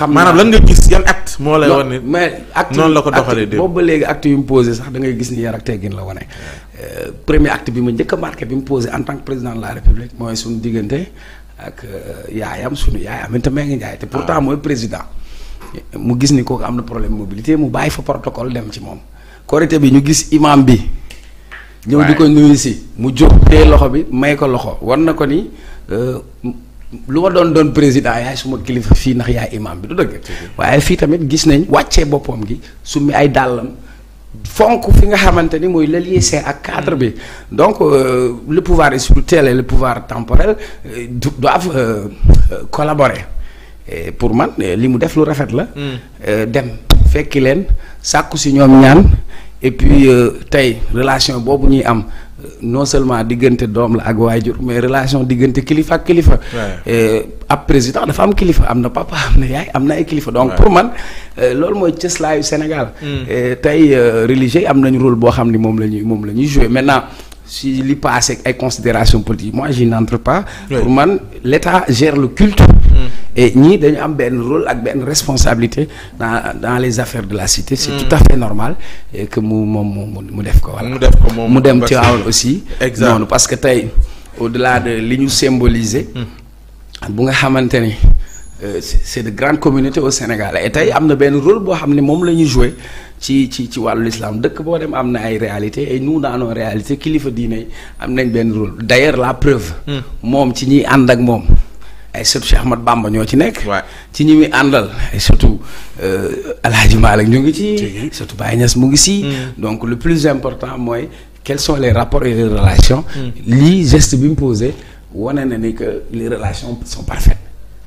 xam maanaam lan nga gis yan acte moo lay wan ni mais acte la ko doxalee dé ba léegi acte yu mu posé sax dangay gis ni yar ak teggin la wane euh, premier acte bi ma njëkk a marqué bi mu posé en tant que président de la république mooy suñu diggante ak euh, yaayam suñu yaayam itam mee ngi njaay te pourtant ah. mooy président mu gis ni kooku am na problème mobilité mu bàyyi fa protocole dem ci moom korité bi ñu gis imam bi ñëw di ko nuyu si mu jóg tee loxo bi may ko loxo war na ko ni euh, lu ma doon doon président yaay suma kilifa fii ndax yaay imam bi du dëgg waaye fii tamit gis nañ wàccee boppam gi summi ay dàllam fonk fi nga xamante ni mooy le lycée ak cadre bi mm. donc euh, le pouvoir spirituel et le pouvoir temporel euh, doivent euh, collaborer et pour man li mu def lu rafet la mm. dem fekki leen sàkku si ñoom ñaan et puis tey relation boobu ñuy am non seulement diggante doom la ak waajur mais relation diggante kilifa ak kilifa. Eh, ab président dafa am kilifa am na papa am na yaay am na ay kilifa. donc pour man eh, loolu mooy cëslaayu Sénégal. Mm. Eh, tey euh, religieux yi am nañu rôle boo xam ni moom la moom la ñuy joué maintenant. si li paase ay considérations politiques moi je n'entre pour man l'État gère le culte. ñii dañu am benn rôle ak benn responsabilité dans dans les affaires de la cité. c'est hmm. tout à fait normal et mu moom mu mu def ko. voilà mu def ko moom mu dem Tivaouane aussi. exactement noonu que tey au-delà de li ñu symboliser. Hmm. bu nga xamante ni. Euh, c'est de grandes communautés au Sénégal tey am na benn rôle boo xam ne moom la ñuy jouer ci ci ci wàllu islam dëkk boo dem am na ay réalité ay nous dans nos réalités kilifa diine am nañ benn rôle d'ailleurs la preuve. Hmm. moom ci ñiy ànd ak moom. ay sëtu Cheikh Ahmad Bamba ñoo ci nekk. ci ñi mi àndal ay sëtu euh, El Hadj Malick ñu ngi ci. sëtu Baye Niass mu ngi si. Mm. donc le plus important mooy quels sont les rapports et les relations. Mm. lii geste bi mu posé wane na ni que les relations sont parfaites.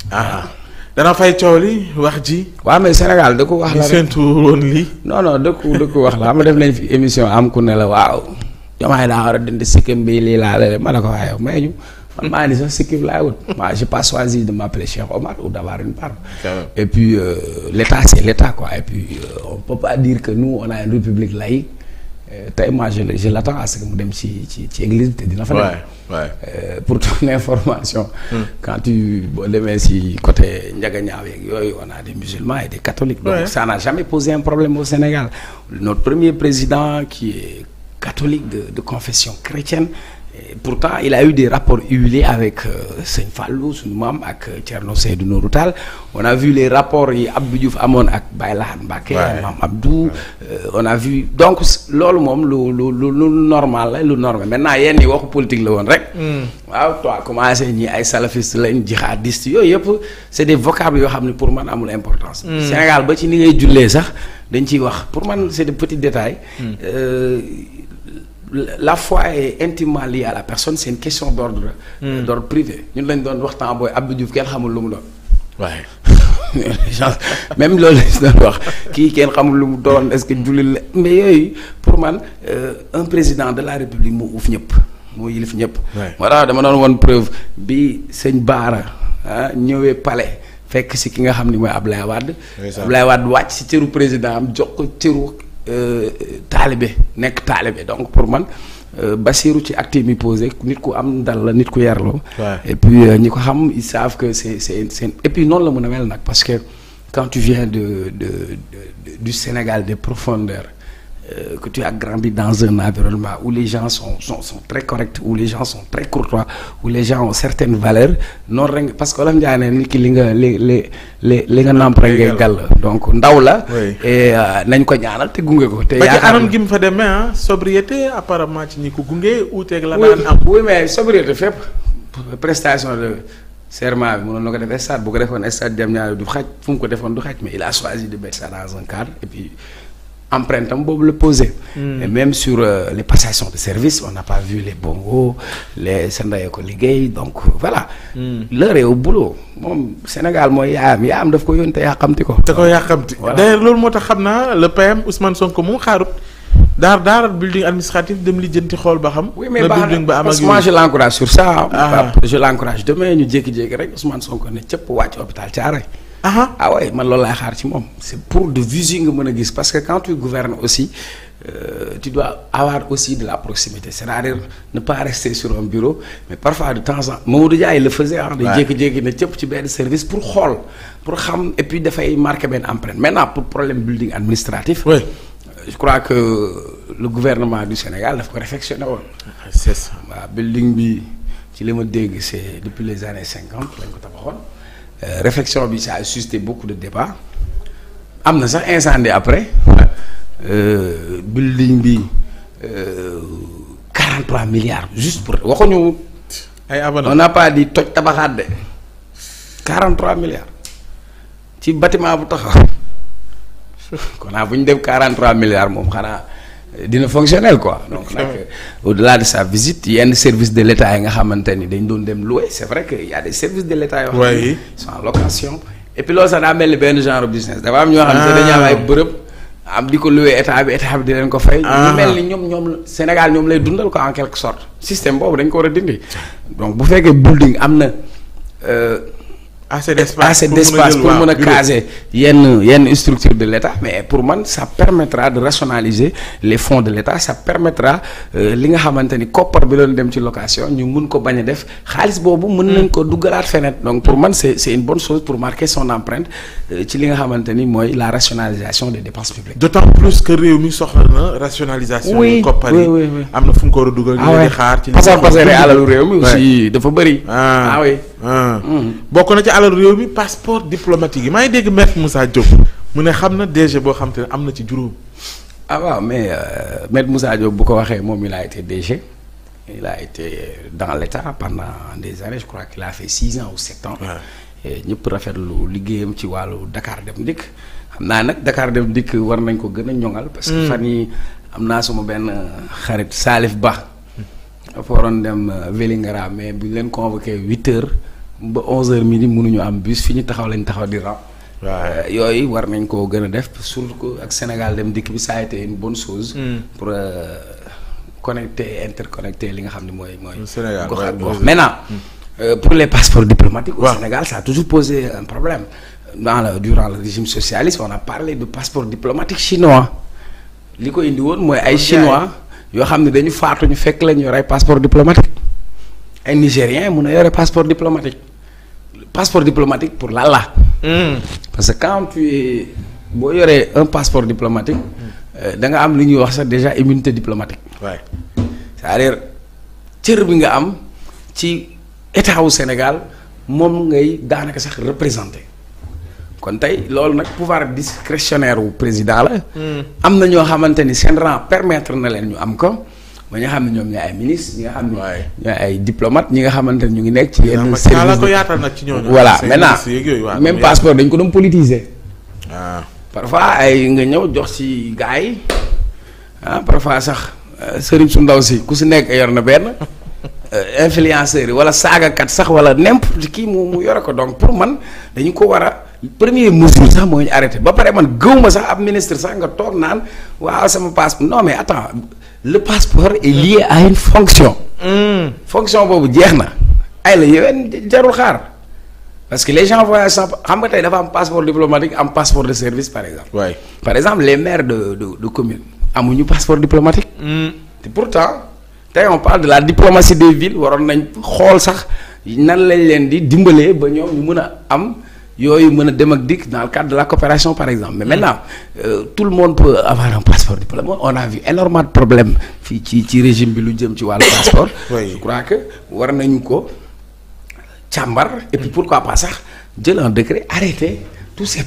ah dana fay coow li wax ji. waaw mais Sénégal da ko wax la rek séntu woon lii. non non ko wax la ama def nañ fi émission am ku ne la waaw. jomaay daa war a dindi sikkim bi lii laa la ma ne ko waaye may ñu. man maa ni sax sikkim laay wut moi j'ai pas choisi de m'appeler Cheikh Omar ou d'avoir une barbe et puis euh, l'état c'est euh, on peut pas dire que nous on a une république laïque euh, tey moi je je l'attends à ce que mu dem ci ci ci église bi te dina fa dem euh, pour ton information mm. quand tu demee si côté njaga ñaaw yeeg yooyu on a des musulmans et des catholiques donc ouais. n'a jamais posé un problème au Sénégal notre premier président qui est catholique de de confession pourtant il a eu des rapports huilés avec euh, Sëñ Fallou suñu maam ak euh, Thierno Seydou Nourou Tall on a vu les rapports yi Abdou Diouf amoon ak Baye Lahad Mbacké ak maam Abdou euh, on a vu donc loolu moom lu lu lu lu normal la lu normal maintenant yenn yi waxu politique la woon rek hmm. waaw toi commencé ñi ay salafiste lañ jihadiste yooyu yëpp c'est des vocables yoo xam ne pour man amul importance hmm. Sénégal ba ci ni ngay jullee sax dañ ciy wax pour man c'est des petits détails hmm. euh, la foi est intimement lii à la personne seen une question d'ordre hmm. d'ordre privé ñun lañ doon waxtaan booy Abdou Diouf kenn xamul lu mu doon waaye même loolu lañ doon wax kii kenn xamul lu mu doon est-ce que hmm. jullit la mais yooyu pour man euh, un président de la république moo uuf ñëpp moo yilif ñëpp moo tax dama doon woon preuve bi sëñ Baara ah ñëwee palais fekk si ki nga xam ni mooy Ablaye Wade Ablaye Wade wàcc si cëru président am jox ko cëru Euh, taalibe nekk taalibe donc pour man euh, Bassirou ci acte bi posé nit ku am dal la nit ku yarloo et puis euh, ñi ko xam ils savent que c'est c'est c'est et puis noonu la mën a mel nag parce que quand tu viens de de, de, du Sénégal des profondeur euh, que tu bi grandi dans un environnement où les gens sont sont sont très corrects où les gens sont très courtois où les gens ont certaines valeurs noonu rek parce que olof Ndiaye ne nit ki li nga li li li li nga namp rek ngay gàll donc ndaw la. et euh, nañ ko ñaanal te gunge ko. te yaakaar anam gi mu fa demee ah sobriété apparemment ci ñi ko gunge uuteeg la daan am. oui mais sobriété fépp prestation de. serment bi mënoon na ko def stade bu ko defoon stade Diamniadio du ko defoon du xaj mais il a choisi de mettre empreinte am boobu la posé. et même sur euh, les passations de service on n'a pas vu les bongos les sa ndey ko liggéey donc euh, voilà. Hmm. la est au boulot moom Sénégal mooy yaayam yaayam daf ko yónni te yàqamti ko. te ko yàqamti d'ailleurs loolu moo tax xam naa le PM Ousmane ko moom xaarut. daar daar building administratif dem li xool ba xam. oui mais building ba am ak moi je l'encourage sur ça. Ah. je l'encourage ñu jékki-jékki rek Ousmane Sonko ne cëpp wàcc hôpital ah ouais man loolu laay xaar ci moom c'est pour de visu nga mën a gis parce que quand tu gouvernes aussi euh, tu aussi de la proximité c'est-à-dire ne pas rester sur un bureau mais parfois de temps en Mamadou Dia le faisait ah da jékki-jékki na cëpp ci benn service pour xool pour xam et puis dafay marquer benn empreinte maintenant pour problème building administratif oui. Euh, je crois que le gouvernement du Sénégal daf ko réfectionné woon c'est ça bi ci li ma d c'est depuis les années cinquante lañ ko tabaxoon Euh, réflexion bi ça a suscité beaucoup de débats am na sax incendie après euh, bi euh, 43 milliards juste pour waxuñu. ay abonné on n'a toj tabaxaat de 43 milliards ci bâtiment bu tax kon naa ah, bu ñu def 43 milliards moom xanaa. dina fonctionnel quoi donc nag au-delà de sa visite yenn service de l'État yi nga xamante dañ doon dem louer c'est vrai que y a des services de l'État yoo xam ne sont en location et sax daa mel ni benn genre business dafa am ñoo xam ne dañu am ay ah. bërëb am di ko louer état bi état bi di leen ko fay ah. ñu mel ni ñoom ñoom Sénégal ñoom lay dundal ko en quelque sorte système boobu dañ ko war a dindi donc bu fekkee building am na euh, assez eh, d'espace pour mën a caser yenn yenn structure de l'État mais pour man ça permettra de rationaliser les fonds de l'État ça permettra euh, li nga xamante ni koppar bi doon dem ci location ñu mun ko bañ a def xaalis boobu mën nañ ko duggalaat feneen donc pour man c'est c'est une bonne chose pour marquer son empreinte euh, ci li nga xamante mooy la rationalisation de dépenses publiques d'autant plus que réew mi soxla na rationalisation oui koppar yi am na fu mu ko bokk na ci alal réew mi passeport diplomatique yi maa ngi dégg maître Moussa Diop mu ne xam na DG boo xam te am na ci juróom. ah waaw mais euh, maître musa Diop bu ko waxee moom il a été DG. il a été dans l'État pendant des années je crois qu'il a fait six ans ñëpp rafetlu liggéeyam ci wàllu Dakar dem dikk xam naa nag Dakar dem dikk war nañ ko gën a ñoŋal. parce que mm. fan yi am naa suma benn xarit Salif Ba. Mm. dafa dem dem euh, Vélingara mais bu leen convoqué huit ba 11h midi mënuñu am bus fi ñu taxaw lañ taxaw di ram. waaw euh, yooyu war nañ koo gën a def surtout ak Sénégal dem dikk bi saa a été une bonne chose. Hmm. pour euh, connecter interconnecter li nga xam ne mooy mooy. Sénégal gox ak gox maintenant. Hmm. Euh, pour les passeports diplomatiques. au Sénégal ça a toujours posé un problème. dans le durant le régime socialiste on a parlé de passeport diplomatique chinois li ko indi woon mooy ay chinois yoo xam ne dañu faatu ñu fekk lañu yor ay passeport diplomatique ay nigérien mun a yore passeport diplomatique passeport diplomatique pour lan la. Mm. parce que quand tu boo yoree un passeport diplomatique. Euh, da nga am lu ñuy wax sax déjà immunité diplomatique. waay c'est-à-dire cër bi nga am ci état Sénégal moom ngay daanaka sax représenté kon tey loolu nag pouvoir discrétionnaire wu président la. Hmm. am na ñoo xamante ni seen rang permettre na leen ñu am ko. ba ñi xam ne ñoom ñooy ay ministre ñi nga xam ne ñooy ay diplomate ñi nga xamante ne ñu ngi nekk ci yenn service ko yaatal nag ci ñooñu voilà maintenant même passeport dañ ko doon politiser ah. parfois ay nga ñëw jox ci gars yi ah parfois sax euh, sëriñ su ndaw si ku si nekk yor na benn euh, influenceurs yi wala saagakat sax wala n'importe kii mu mu yore ko donc pour man dañu ko war a premier mesure sax mooy ñu arrêté ba pare man gëw ma sax ab ministre sax nga toog naan waaw sama passe non mais attends le passeport est lié à une fonction. Hmm. fonction boobu jeex na. ay la yéen jarul xaar parce que les gens voyagent sans xam nga tey dafa am passeport diplomatique am passeport de service par exemple. waay par exemple les maires de de de commune amuñu passeport diplomatique. Hmm. te pourtant tey on parle de la diplomatie des villes waroon nañ xool sax nan lañ leen di dimbalee ba ñoom ñu mën a am. yooyu mën a dem ak dikk dans le cadre de la coopération par exemple mais mm. maintenant euh, tout le monde peut avoir un passeport diplomate on a vu énormément fii ci ci régime bi lu jëm ci wàll passeport je crois que war nañu ko càmbar et puis pourquoi pas sax jël en décret arrêter tous ces